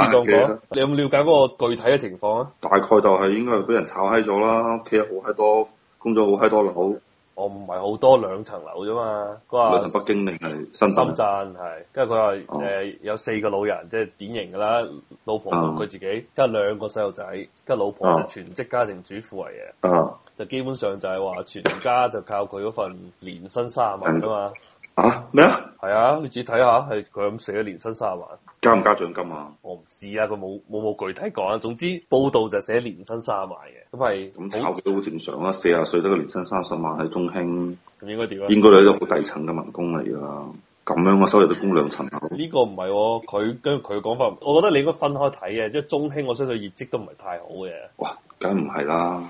你有冇了解嗰個具體嘅情況啊？大概就係、是、應該係俾人炒閪咗啦，屋企好閪多，工作好閪多樓。我唔係好多兩層樓啫嘛，佢話北京定係深，深圳，係，跟住佢話誒有四個老人，即、就、係、是、典型㗎啦，老婆同佢自己，跟、哦、兩個細路仔，跟老婆就全職家庭主婦嚟嘅，哦、就基本上就係話全家就靠佢嗰份年薪三萬㗎嘛。嗯啊咩？啊係啊，你自己睇下係，佢咁寫咗年薪三十萬加唔加獎金啊？我唔知啊，佢冇冇冇具體講，總之報道就寫年薪三十萬嘅。咁係咁炒嘅都好正常啦，四啊歲得個年薪三十萬喺中興咁、嗯、應該點啊？應該你都好底層嘅民工嚟噶咁樣個、啊、收入都供兩層呢個唔係佢，跟佢嘅講法我覺得你應該分開睇嘅，即係中興我相信業績都唔係太好嘅，哇梗唔係啦。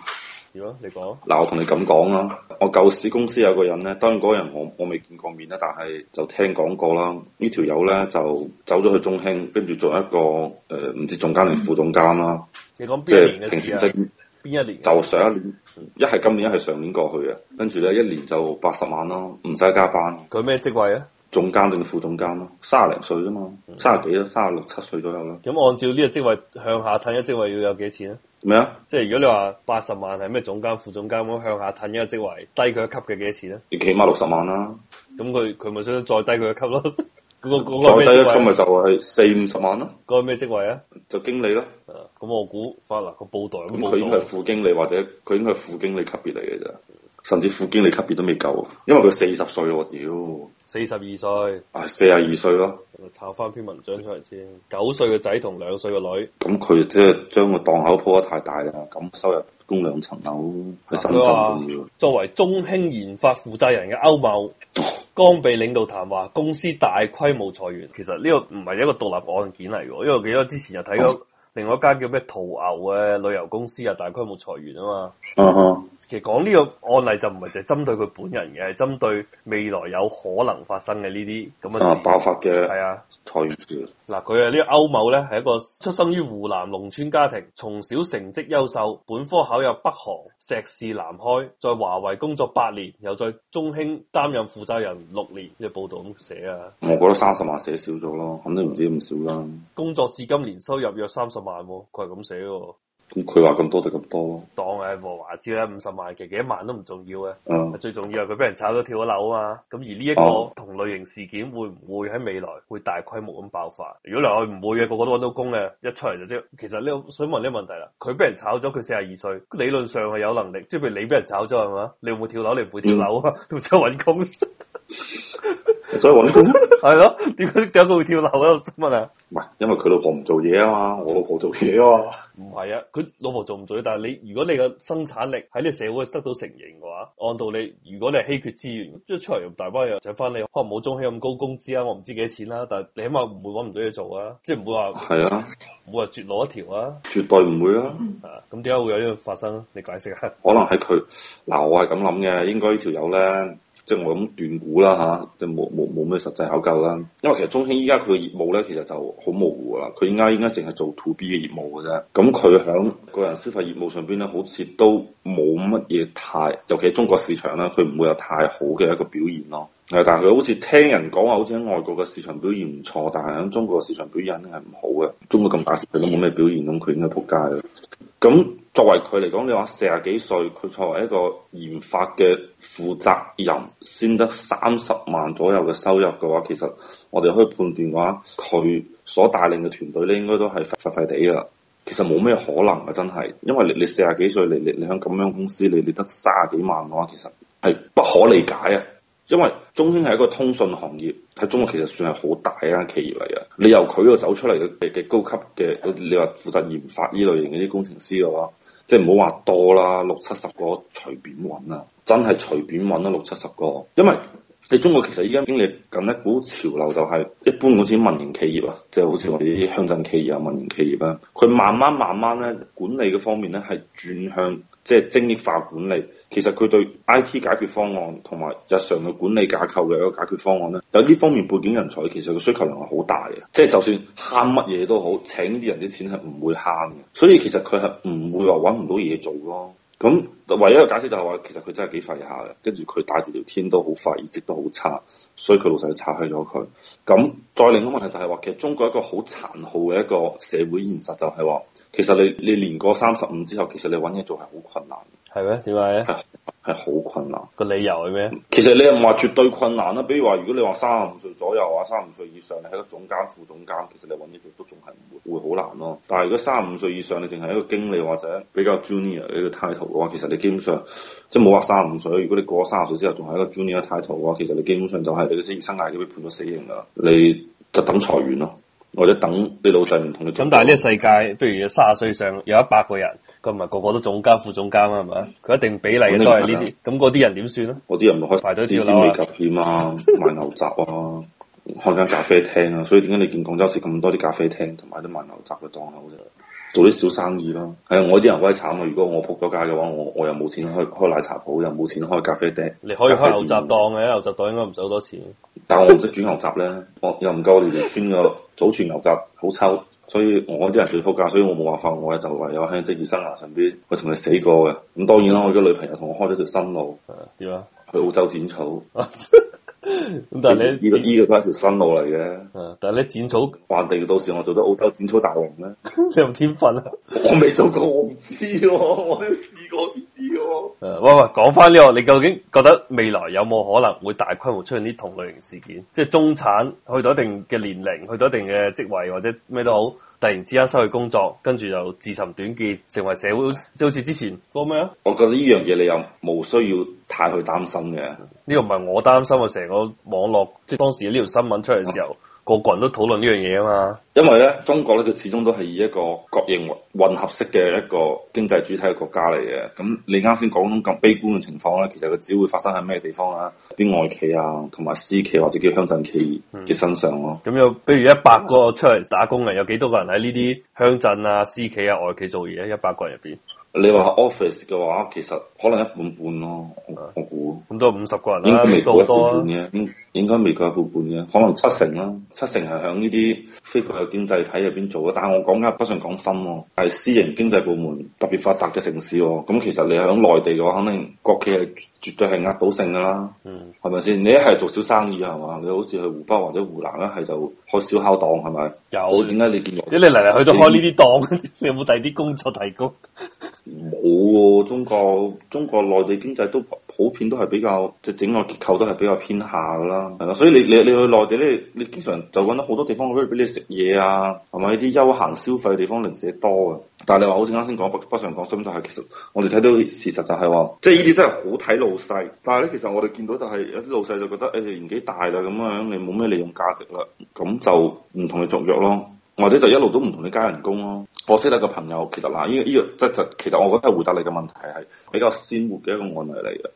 你講嗱，我同你咁講咯。我舊時公司有個人咧，當然嗰個人我我未見過面啦，但係就聽講過啦。呢條友咧就走咗去中興，跟住做一個誒唔、呃、知總監定副總監啦。你講邊一年即係平時職邊一年？就上一年，嗯、一係今年，一係上年過去嘅。跟住咧，一年就八十萬咯，唔使加班。佢咩職位啊？總監定副總監咯，卅零歲啫嘛，卅幾啦，卅六七歲左右啦。咁、嗯、按照呢個職位向下褪，一職位要有幾多錢啊？咩啊？即係如果你話八十萬係咩總監、副總監咁向下褪一個職位，低佢一級嘅幾多錢咧？你起碼六十萬啦、啊。咁佢佢咪想再低佢一級咯？嗰個再低一級咪就係四五十萬咯？嗰個咩職位啊？位就經理咯。咁、啊、我估翻嗱個報道咁，佢應該係副經理或者佢應該係副經理級別嚟嘅啫。甚至副經理級別都未夠，因為佢四十歲喎，屌，四十二歲，啊四十二歲咯，查返篇文章出嚟先，九歲嘅仔同兩歲嘅女，咁佢即係將個檔口鋪得太大啦，咁收入供兩層樓喺深圳，作為中興研發負責人嘅歐某，剛被領導談話，公司大規模裁員，其實呢個唔係一個獨立案件嚟嘅，因為記得之前就睇過。嗯另外一家叫咩途牛嘅旅遊公司啊，大規模裁員啊嘛。嗯嗯。其實講呢個案例就唔係淨係針對佢本人嘅，係針對未來有可能發生嘅呢啲咁嘅事。啊，爆發嘅。係啊，裁員。嗱、啊，佢啊員呢個歐某咧係一個出生於湖南農村家庭，從小成績優秀，本科考入北航，碩士南開，在華為工作八年，又在中興擔任負責人六年。呢、呢個報道咁寫啊。我覺得三十萬寫少咗咯，肯定唔知咁少啦。工作至今年收入約三十萬佢係咁寫喎，咁佢話咁多得咁多咯，當係無華之啦，五十萬其幾萬都唔重要嘅，uh huh. 最重要係佢俾人炒咗跳咗樓啊，咁而呢一個同類型事件會唔會喺未來會大規模咁爆發？如果你話佢唔會嘅，個個都揾到工嘅，一出嚟就即其實呢、這個，我想問啲問題啦，佢俾人炒咗，佢四十二歲，理論上係有能力，即係譬如你俾人炒咗係嘛，你會唔會跳樓？你唔會跳樓啊？同出揾工？ 所以揾工係咯？點解點解佢會跳樓喺度問你啊？唔係，因為佢老婆唔做嘢啊嘛，我老婆做嘢啊嘛。唔係啊，佢、啊啊、老婆做唔做嘢？但係你如果你嘅生產力喺你個社會得到承認嘅話，按道理如果你係稀缺資源，即係出嚟用大把人想翻你，可能冇中興咁高工資啊，我唔知幾多錢啦，啊，但係你起碼唔會揾唔到嘢做啊，即係唔會話係啊，唔會話絕路一條啊，絕對唔會啦，啊啊。 啊，咁點解會有呢個發生？你解釋啊？可能係佢嗱，我係咁諗嘅，應該呢條友咧。 即係我咁斷估啦吓，就冇冇冇咩實際考究啦。因為其實中興依家佢嘅業務咧，其實就好模糊啦。佢依家應該淨係做 to B 嘅業務嘅啫。咁佢喺個人消費業務上邊咧，好似都冇乜嘢太，尤其喺中國市場咧，佢唔會有太好嘅一個表現咯。係，但係佢好似聽人講話，好似喺外國嘅市場表現唔錯，但係喺中國嘅市場表現係唔好嘅。中國咁大市場，都冇咩表現咯，佢應該仆街嘅。咁作為佢嚟講，你話四十幾歲，佢作為一個研發嘅負責人，先得三十萬左右嘅收入嘅話，其實我哋可以判斷嘅話，佢所帶領嘅團隊咧，應該都係廢廢廢地㗎啦。其實冇咩可能嘅，真係，因為你你四十幾歲，你你你喺咁樣公司，你你得三十幾萬嘅話，其實係不可理解啊！因為中興係一個通訊行業，喺中國其實算係好大一間企業嚟嘅。你由佢度走出嚟嘅嘅高級嘅，你話負責研發呢類型嗰啲工程師嘅話，即係唔好話多啦，六七十個隨便揾啦，真係隨便揾啦六七十個，因為。你中國其實依家經歷緊一股潮流，就係一般好似民營企業啊，即係好似我哋啲鄉鎮企業啊、民營企業啦，佢慢慢慢慢咧管理嘅方面咧係轉向即係精益化管理。其實佢對 I T 解決方案同埋日常嘅管理架構嘅一個解決方案咧，有呢方面背景人才其實個需求量係好大嘅。即係就算慳乜嘢都好，請啲人啲錢係唔會慳嘅。所以其實佢係唔會話揾唔到嘢做咯。咁、嗯、唯一嘅解釋就係話，其實佢真係幾廢下嘅，跟住佢帶住條天都好廢，業績都好差，所以佢老細拆開咗佢。咁再另一個問題就係話，其實中國一個好殘酷嘅一個社會現實就係話，其實你你年過三十五之後，其實你搵嘢做係好困難。係咩？點解咧？係好、啊、困難。個理由係咩？其實你又唔話絕對困難啦。比如話如果你話三十五歲左右啊，三十五歲以上，你喺個總監、副總監，其實你搵嘢做都仲係會好難咯。但係如果三十五歲以上，你淨係一個經理或者比較 junior 呢一個 title 嘅話，其實你基本上即係冇話三十五歲。如果你過咗三十歲之後，仲係一個 junior 嘅 title 嘅話，其實你基本上就係你嘅職業生涯都俾判咗死刑啦。你就等裁員咯，或者等你老細唔同你做。咁但係呢個世界，譬如三十歲上有一百個人。今日係個個都總監、副總監的那那啊，係咪？佢一定比例都係呢啲，咁嗰啲人點算啊？啲人咪開排隊店啊，點啊，賣牛雜啊，開間咖啡廳啊，所以點解你見廣州市咁多啲咖啡廳同埋啲賣牛雜嘅檔口啫？做啲小生意咯。係啊，哎、我啲人威慘啊！如果我仆咗街嘅話，我我又冇錢開開奶茶鋪，又冇錢開咖啡店，你可以開牛雜檔嘅，牛雜檔應該唔使好多錢。 但我唔識煮牛雜咧， 我又唔夠你哋村嘅祖傳牛雜好抽。所以我啲人最仆街，所以我冇辦法，我啊就唯有喺職業生涯上邊，去同佢死過嘅。咁當然啦，我嘅女朋友同我開咗條新路。點啊？啊去澳洲剪草。咁 但係呢你？呢個都係條新路嚟嘅、啊。但係呢剪草，還定到時我做到澳洲剪草大王咧？ 你用天分啊！我未做過，我唔知喎、啊。我都試過。誒，喂喂，講翻呢個，你究竟覺得未來有冇可能會大規模出現啲同類型事件？即係中產去到一定嘅年齡，去到一定嘅職位或者咩都好，突然之間失去工作，跟住就自尋短見，成為社會即好似之前嗰個咩啊？我覺得呢樣嘢你又冇需要太去擔心嘅。呢個唔係我擔心啊，成個網絡即係當時呢條新聞出嚟嘅時候。啊個個人都討論呢樣嘢啊嘛，因為咧中國咧佢始終都係以一個國營混合式嘅一個經濟主體嘅國家嚟嘅，咁你啱先講咁悲觀嘅情況咧，其實佢只會發生喺咩地方啊？啲外企啊，同埋私企，啊、或者叫鄉鎮企業，啊、嘅、嗯、身上咯、啊。咁、嗯、有，比如一百個出嚟打工嘅，有幾多個人喺呢啲鄉鎮啊、私企啊、外企做嘢？一百個人入邊。你話 office 嘅話，其實可能一半半咯，我，我估。咁都五十個人啦、啊，多唔多？應應該未夠一半嘅、啊，可能七成啦、啊。七成係喺呢啲非國有經濟體入邊做嘅。但係我講緊係北上廣深喎，係私營經濟部門特別發達嘅城市喎、啊。咁其實你喺內地嘅話，肯定國企係絕對係壓倒性㗎啦。嗯，係咪先？你一係做小生意係嘛？你好似去湖北或者湖南咧，係就開燒烤檔係咪？有點解你見到？因你嚟嚟去去開呢啲檔，你有冇第二啲工作提供？ 冇喎、啊，中國中國內地經濟都普遍都係比較即係整個結構都係比較偏下㗎啦，係啦，所以你你你去內地咧，你經常就搵到好多地方可以俾你食嘢啊，同埋啲休閒消費嘅地方零舍多嘅。但係你話好似啱先講北北上廣深就係，實其實我哋睇到事實就係、是、話，即係呢啲真係好睇老細，但係咧其實我哋見到就係有啲老細就覺得誒、哎、年紀大啦咁樣，你冇咩利用價值啦，咁就唔同你續約咯。或者就一路都唔同你加人工咯、啊。我識得個朋友，其實嗱，呢呢個即係就其實我覺得回答你嘅問題係比較鮮活嘅一個案例嚟嘅。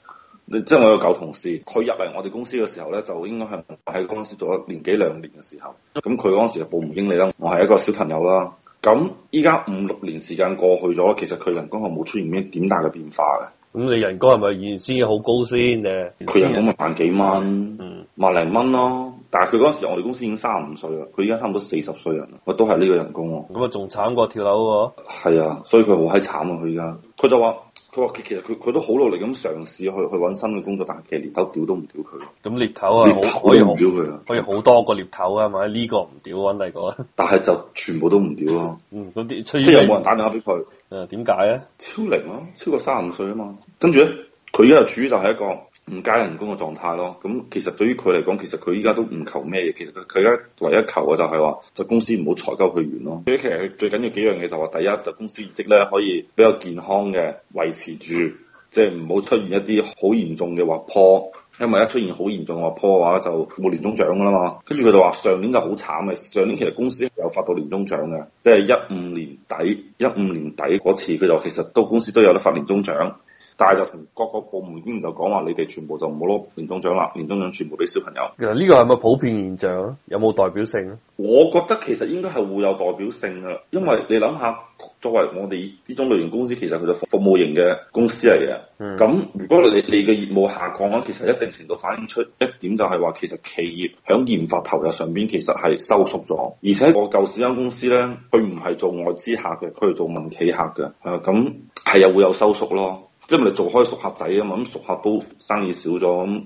即、就、係、是、我有個舊同事，佢入嚟我哋公司嘅時候咧，就應該係我喺公司做咗年幾兩年嘅時候。咁佢嗰陣時係部門經理啦，我係一個小朋友啦、啊。咁依家五六年時間過去咗，其實佢人工係冇出現咩點大嘅變化嘅。咁你人工係咪原先好高先咧？佢人工咪萬幾蚊，嗯、萬零蚊咯。但係佢嗰時我哋公司已經三十五歲啦，佢依家差唔多四十歲人啦，我都係呢個人工、啊，咁啊仲慘過跳樓喎、啊。係啊，所以佢好閪慘啊！佢而家，佢就話佢話其實佢佢都好努力咁嘗試去去揾新嘅工作，但係其實獵頭屌都唔屌佢。咁獵頭啊，可以屌佢啊，可以好多個獵頭啊，咪呢個唔屌揾第二個。 但係就全部都唔屌咯。 即係有冇人打電話俾佢？誒、嗯，點解啊？超齡咯，超過三十五歲啊嘛。跟住咧，佢而家又處於就係一個。唔加人工嘅狀態咯，咁其實對於佢嚟講，其實佢依家都唔求咩嘢，其實佢依家唯一求嘅就係話，就公司唔好裁鳩佢員咯。其實最緊要幾樣嘢就話，第一就公司業績呢可以比較健康嘅維持住，即係唔好出現一啲好嚴重嘅滑坡。因為一出現好嚴重嘅滑坡嘅話，就冇年終獎噶啦嘛。跟住佢就話上年就好慘嘅，上年其實公司有發到年終獎嘅，即係一五年底一五年底嗰次，佢就其實都公司都有得發年終獎。但係就同各個部門經理就講話，你哋全部就唔好攞年終獎啦，年終獎全部俾小朋友。其實呢個係咪普遍現象？有冇代表性？我覺得其實應該係會有代表性嘅，因為你諗下，作為我哋呢種類型公司，其實佢就服務型嘅公司嚟嘅。咁、嗯、如果你你嘅業務下降咧，其實一定程度反映出一點就係話，其實企業響研發投入上邊其實係收縮咗。而且我舊時間公司咧，佢唔係做外資客嘅，佢係做民企客嘅。誒，咁係又會有收縮咯。即係咪嚟做開熟客仔啊嘛？咁熟客都生意少咗，咁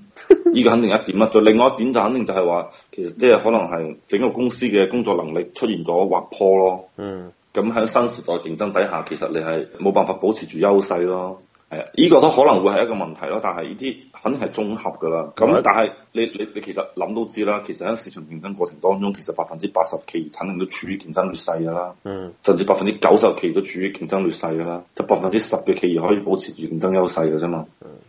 呢個肯定一點啦。再另外一點就肯定就係話，其實即係可能係整個公司嘅工作能力出現咗滑坡咯。嗯，咁喺新時代競爭底下，其實你係冇辦法保持住優勢咯。誒，呢個都可能會係一個問題咯。但係呢啲肯定係綜合噶啦。咁但係你你你其實諗都知啦。其實喺市場競爭過程當中，其實百分之八十企業肯定都處於競爭劣勢噶啦。嗯，甚至百分之九十企業都處於競爭劣勢噶啦。就百分之十嘅企業可以保持住競爭優勢嘅啫嘛。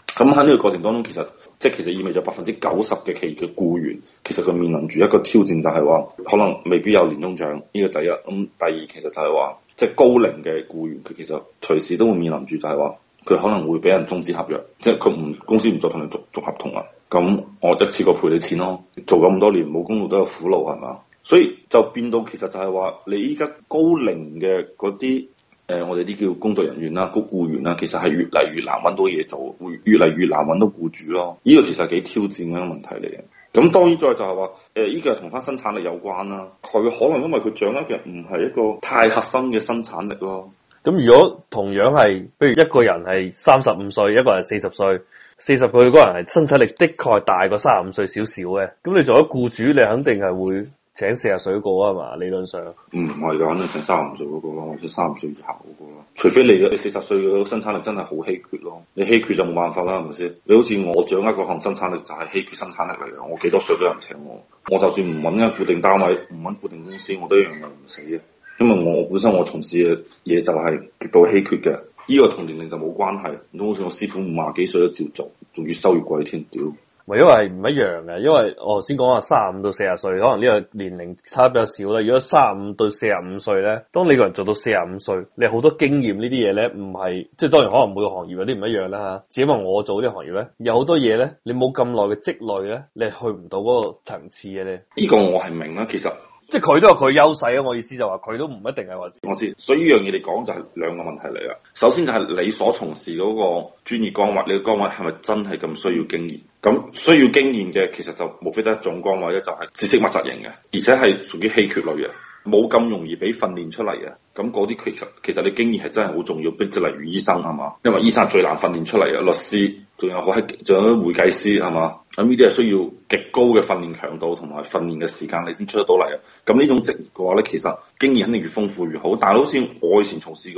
咁喺呢個過程當中，其實即係其實意味著百分之九十嘅企業嘅僱員，其實佢面臨住一個挑戰就，就係話可能未必有年終獎。呢、這個第一。咁、嗯、第二其實就係話，即係高齡嘅僱員，佢其實隨時都會面臨住就係話。佢可能會俾人中止合約，即係佢唔公司唔再同你續續合同啦。咁我一次過賠你錢咯。做咁多年，冇功勞都有苦勞係嘛？所以就變到其實就係話，你依家高齡嘅嗰啲誒，我哋啲叫工作人員啦、高僱員啦，其實係越嚟越難揾到嘢做，越越嚟越難揾到僱主咯。呢、這個其實幾挑戰嘅一個問題嚟嘅。咁當然再就係話，呢、呃、依、這個係同翻生產力有關啦。佢可能因為佢掌握嘅唔係一個太核心嘅生產力咯。咁如果同樣係，譬如一個人係三十五歲，一個人四十歲，四十歲嗰人係生產力的確大過三十五歲少少嘅。咁你做咗僱主，你肯定係會請四十歲嗰個啊嘛？理論上，嗯，唔係㗎，肯定請三十五歲嗰個咯，或者三十五歲以下嗰個咯。除非你四十歲嘅生產力真係好稀缺咯，你稀缺就冇辦法啦，係咪先？你好似我掌握嗰項生產力就係稀缺生產力嚟嘅，我幾多歲都有人請我，我就算唔揾一固定單位，唔揾固定公司，我都一樣唔死嘅。因為我本身我從事嘅嘢就係極度稀缺嘅，呢個同年齡就冇關係。你好似我師傅五十幾歲都照做，仲越收越貴添。屌。係因為唔一樣嘅，因為我頭先講話三十五到四十歲，可能呢個年齡差比較少啦。如果三十五到四十五歲咧，當你個人做到四十五歲，你好多經驗呢啲嘢咧，唔係即係當然可能每個行業有啲唔一樣啦吓。只因為我做呢啲行業咧，有好多嘢咧，你冇咁耐嘅積累咧，你係去唔到嗰個層次嘅咧。呢個我係明啦，其實。即係佢都有佢優勢啊！我意思就話佢都唔一定係我。我知，所以呢樣嘢嚟講就係兩個問題嚟啦。首先就係你所從事嗰個專業崗位，你嘅崗位係咪真係咁需要經驗？咁需要經驗嘅，其實就無非得一種崗位咧，就係知識密集型嘅，而且係屬於稀缺類嘅，冇咁容易俾訓練出嚟嘅。咁嗰啲其實其實你經驗係真係好重要，即係例如醫生係嘛，因為醫生係最難訓練出嚟嘅律師。仲有好喺，仲有會計師係嘛，咁呢啲係需要極高嘅訓練強度同埋訓練嘅時間，你先出得到嚟。咁、嗯、呢種職業嘅話咧，其實經驗肯定越豐富越好。但係好似我以前從事嗰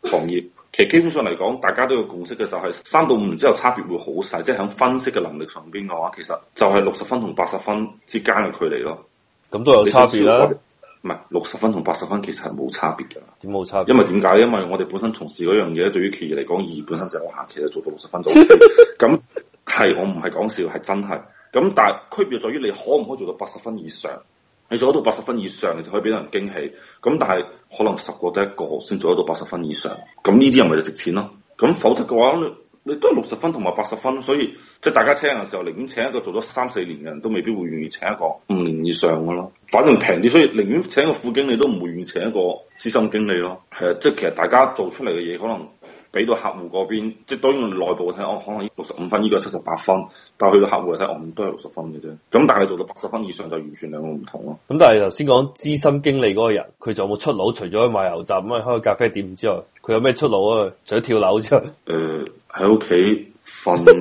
個行業， 其實基本上嚟講，大家都有共識嘅，就係三到五年之後差別會好細，即係喺分析嘅能力上邊嘅話，其實就係六十分同八十分之間嘅距離咯。咁都有差別啦。唔係六十分同八十分其實係冇差別嘅，點冇差別？因為點解？因為我哋本身從事嗰樣嘢，對於企業嚟講，二本身就我話其實做到六十分就、OK，咁係 我唔係講笑，係真係。咁但係區別在於你可唔可以做到八十分以上？你做到八十分以上，你就可以俾人驚喜。咁但係可能十個得一個先做到八十分以上。咁呢啲人咪就值錢咯。咁否則嘅話。你都係六十分同埋八十分，所以即係大家請人嘅時候，寧願請一個做咗三四年嘅人都未必會願意請一個五年以上嘅咯。反正平啲，所以寧願請個副經理都唔會願意請一個資深經理咯。係啊，即係其實大家做出嚟嘅嘢，可能俾到客戶嗰邊，即係當然內部睇哦，可能六十五分，依個七十八分，但係去到客戶嚟睇，我唔都係六十分嘅啫。咁但係你做到八十分以上就完全兩個唔同咯。咁、嗯、但係頭先講資深經理嗰個人，佢仲有冇出路？除咗賣油站、開咖啡店之外，佢有咩出路啊？除咗跳樓之外？呃喺屋企瞓，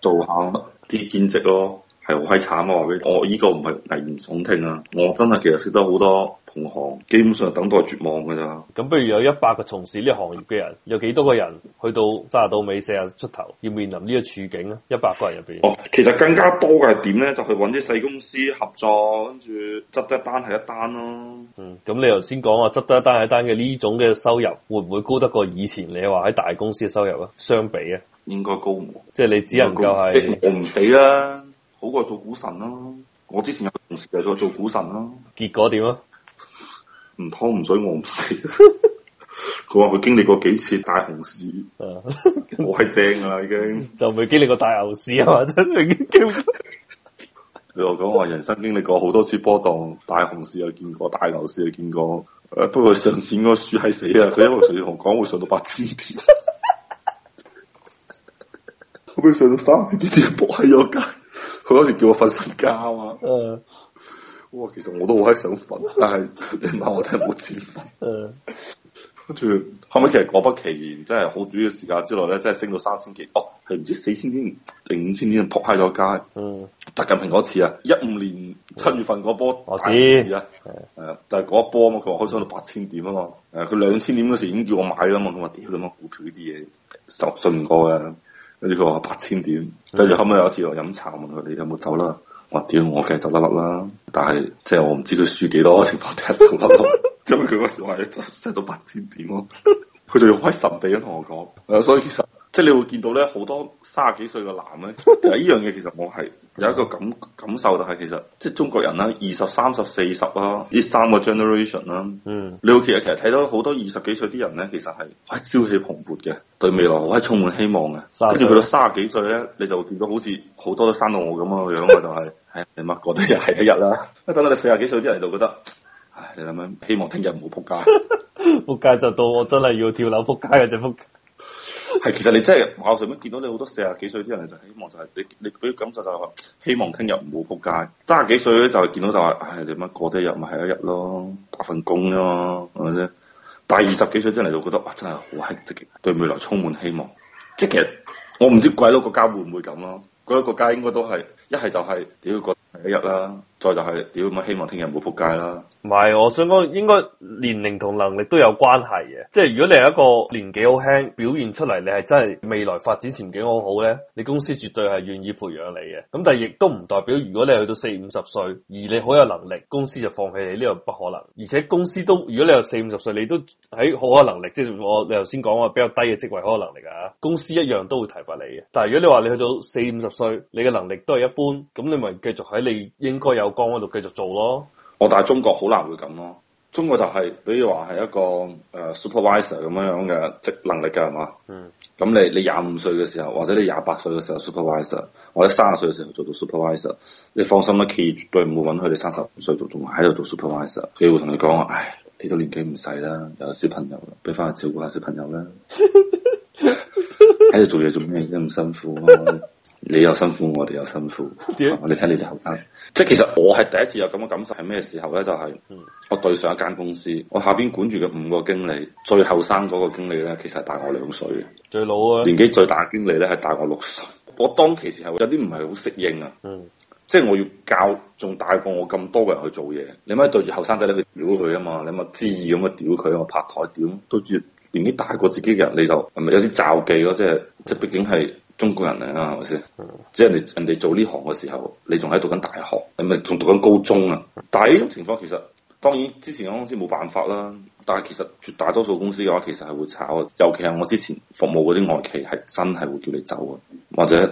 做下啲兼職咯。係好閪慘啊！話俾你聽。我依個唔係危言聳聽啊！我真係其實識得好多同行，基本上等待絕望噶咋。咁不如有一百個從事呢行業嘅人，有幾多個人去到卅到尾四十出頭，要面臨呢個處境咧？一百個人入邊哦，其實更加多嘅係點咧？就去搵啲細公司合作，跟住執得一單係一單咯、啊。嗯，咁你頭先講話執得一單係一單嘅呢種嘅收入，會唔會高得過以前你話喺大公司嘅收入啊？相比啊，應該高唔過。即係你只能夠係我唔死啦。好過做股神啦、啊！我之前有同事就做股神啦、啊，結果點啊？唔湯唔水，我唔死。佢話佢經歷過幾次大熊市， 我係正啊，已經就未經歷過大牛市啊嘛！真係，你又講我人生經歷過好多次波動，大熊市又見過，大牛市又見過。 不過上次嗰個樹係死啊！佢因一路隨同講會上到八千點，可唔可以上到三千幾點？博喺咗街。佢嗰時叫我瞓身家啊嘛，我話、嗯、其實我都好閪想瞓， 但係你媽我真係冇錢瞓。跟住後尾， 是是其實果不其然，真係好短嘅時間之內咧，真係升到三千幾，哦係唔知四千點定五千點就撲閪咗街。嗯、習近平嗰次啊，一五年七月份嗰波我知，啊，誒、嗯呃、就係、是、嗰一波啊嘛，佢話可以升到八千點啊嘛，誒佢兩千點嗰時已經叫我買啦嘛，咁我點啊？咁啊股票呢啲嘢信信唔過噶。跟住佢話八千點，跟住後尾有，次有，有、嗯、一次我飲茶，我問佢你有冇走啦？我屌，我梗係走得甩啦，但係即係我唔知佢輸幾多，情況睇唔到，後尾佢嗰時話，你真係到八千點咯，佢就好神秘咁同我講，所以其實。即係你會見到咧、這個，好多卅幾歲嘅男咧，但係呢樣嘢其實我係有一個感感受，就係其實即係中國人啦，二十三十四十啦，呢三個 generation 啦，嗯，你會其實其實睇到好多二十幾歲啲人咧，其實係係，朝氣蓬勃嘅，對未來我係充滿希望嘅，跟住去到卅幾歲咧，你就會見到好似好多都生到我咁嘅樣啊， 就係、是、係、哎、你乜過都日？係一日啦，等到你四十幾歲啲人就覺得，唉，你諗下，希望聽日唔好仆街，仆街就到我真係要跳樓仆街嘅只仆。其實你真係我上都見到你好多四十幾歲啲人就希望就係、是、你你俾嘅感受就係、是、希望聽日唔好仆街，三十幾歲咧就見到就話唉、哎、你乜過咗一日咪係一日咯，打份工咯係咪啫，但二十幾歲真嚟，就覺得哇真係好乞積極，對未來充滿希望。即係其實我唔知鬼佬國家會唔會咁咯，鬼佬國家應該都係、就是就是、一係就係屌過一日啦。就係屌咁，希望聽日冇撲街啦。唔係，我想講應該年齡同能力都有關係嘅。即係如果你係一個年紀好輕，表現出嚟你係真係未來發展前景好好咧，你公司絕對係願意培養你嘅。咁但係亦都唔代表如果你去到四五十歲，而你好有能力，公司就放棄你，呢個不可能。而且公司都如果你有四五十歲，你都喺好有能力，即係我你頭先講話比較低嘅職位好有能力啊，公司一樣都會提拔你嘅。但係如果你話你去到四五十歲，你嘅能力都係一般，咁你咪繼續喺你應該有。江嗰度繼續做咯，我但係中國好難會咁咯，中國就係、是、比如話係一個誒、呃、supervisor 咁樣樣嘅職能力嘅係嘛，咁、嗯、你你廿五歲嘅時候，或者你廿八歲嘅時候 supervisor，或者三十歲嘅時候做到 supervisor，你放心啦，佢絕對唔會搵佢你三十五歲仲仲喺度做 supervisor，佢會同你講啊，唉，你都年紀唔細啦，有小朋友啦，俾翻去照顧下小朋友啦，喺度做嘢做咩咁辛苦啊？你又辛苦，我哋又辛苦。我哋聽你就後生，即係其實我係第一次有咁嘅感受，係咩時候咧？就係我對上一間公司，我下邊管住嘅五個經理，最後生嗰個經理咧，其實係大我兩歲嘅。最老啊！年紀最大嘅經理咧，係大我六歲。我當其時係有啲唔係好適應啊。嗯，即係我要教，仲大過我咁多個人去做嘢。你咪對住後生仔你去屌佢啊嘛！你咪恣意咁屌佢，我拍台屌，都知年紀大過自己嘅人你就係咪有啲罩忌咯？即係即係，畢竟係。中國人嚟啊，係咪先？即係人人哋做呢行嘅時候，你仲喺讀緊大學，係咪仲讀緊高中啊？但係呢種情況其實，當然之前公司冇辦法啦。但係其實絕大多數公司嘅話，其實係會炒，尤其係我之前服務嗰啲外企係真係會叫你走啊，或者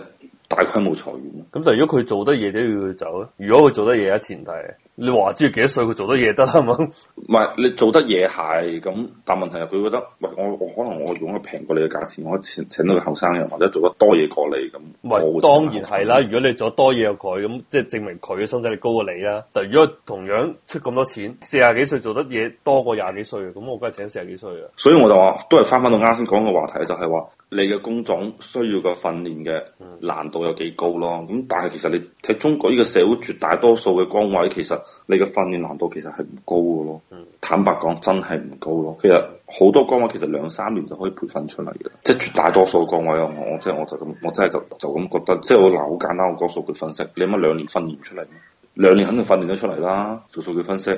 大規模裁員。咁、嗯、但係如果佢做得嘢都要佢走咧，如果佢做得嘢一前提。你話知幾多歲佢做得嘢得啦？係咪？唔係你做得嘢係咁，但問題係佢覺得，喂我我可能我用得平過你嘅價錢，我請到個後生人或者做得多嘢過你咁。唔係是當然係啦，如果你做得多嘢又佢咁，即係證明佢嘅生產力高過你啦。但如果同樣出咁多錢，四十幾歲做得嘢多過廿幾歲嘅，咁我梗係請四十幾歲啊。所以我就話，都係翻翻到啱先講嘅話題，就係、是、話。你嘅工種需要嘅訓練嘅難度有幾高咯？咁但係其實你喺中國呢個社會，絕大多數嘅崗位，其實你嘅訓練難度其實係唔高嘅咯。坦白講，真係唔高咯。其實好多崗位其實兩三年就可以培訓出嚟嘅，即係絕大多數崗位啊！我即係我就咁，我真係就就咁覺得。即係我嗱，好簡單，我個數據分析，你有乜兩年訓練出嚟？兩年肯定訓練得出嚟啦。做數據分析，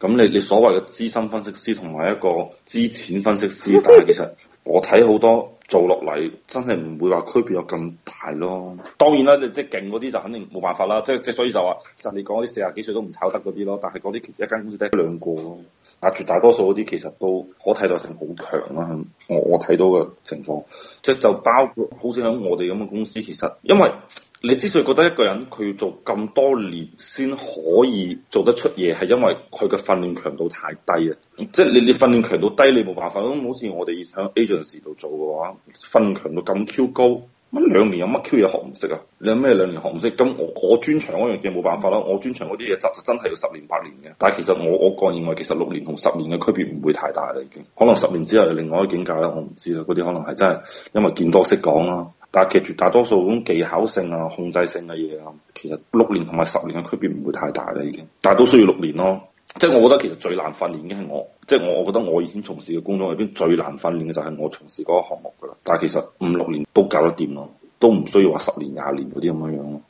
咁你你所謂嘅資深分析師同埋一個資淺分析師，但係其實。我睇好多做落嚟，真係唔會話區別有咁大咯。當然啦，你即係勁嗰啲就肯定冇辦法啦。即即所以就話，就你講嗰啲四十幾歲都唔炒得嗰啲咯。但係嗰啲其實一間公司得一兩個咯。但絕大多數嗰啲其實都可替代性好強啦。我、啊、我睇到嘅情況，即就包括好似喺我哋咁嘅公司，其實因為。你之所以覺得一個人佢要做咁多年先可以做得出嘢，係因為佢嘅訓練強度太低啊！即係你你訓練強度低，你冇辦法咁。好似我哋喺 Agent 時度做嘅話，訓練強度咁 Q 高，乜兩年有乜 Q 嘢學唔識啊？你有咩兩年學唔識？咁我我專長嗰樣嘢冇辦法啦。我專長嗰啲嘢就真係要十年八年嘅。但係其實我我個人認為，其實六年同十年嘅區別唔會太大啦。已經可能十年之後另外一個境界啦。我唔知啦，嗰啲可能係真係因為見多識講咯、啊。但係其實絕大多數咁技巧性啊、控制性嘅嘢啊，其實六年同埋十年嘅區別唔會太大啦，已經。但係都需要六年咯，即係我覺得其實最難訓練嘅係我，即係我，我覺得我以前從事嘅工作入邊最難訓練嘅就係我從事嗰個項目㗎啦。但係其實五六年都搞得掂咯，都唔需要話十年廿年嗰啲咁樣樣咯。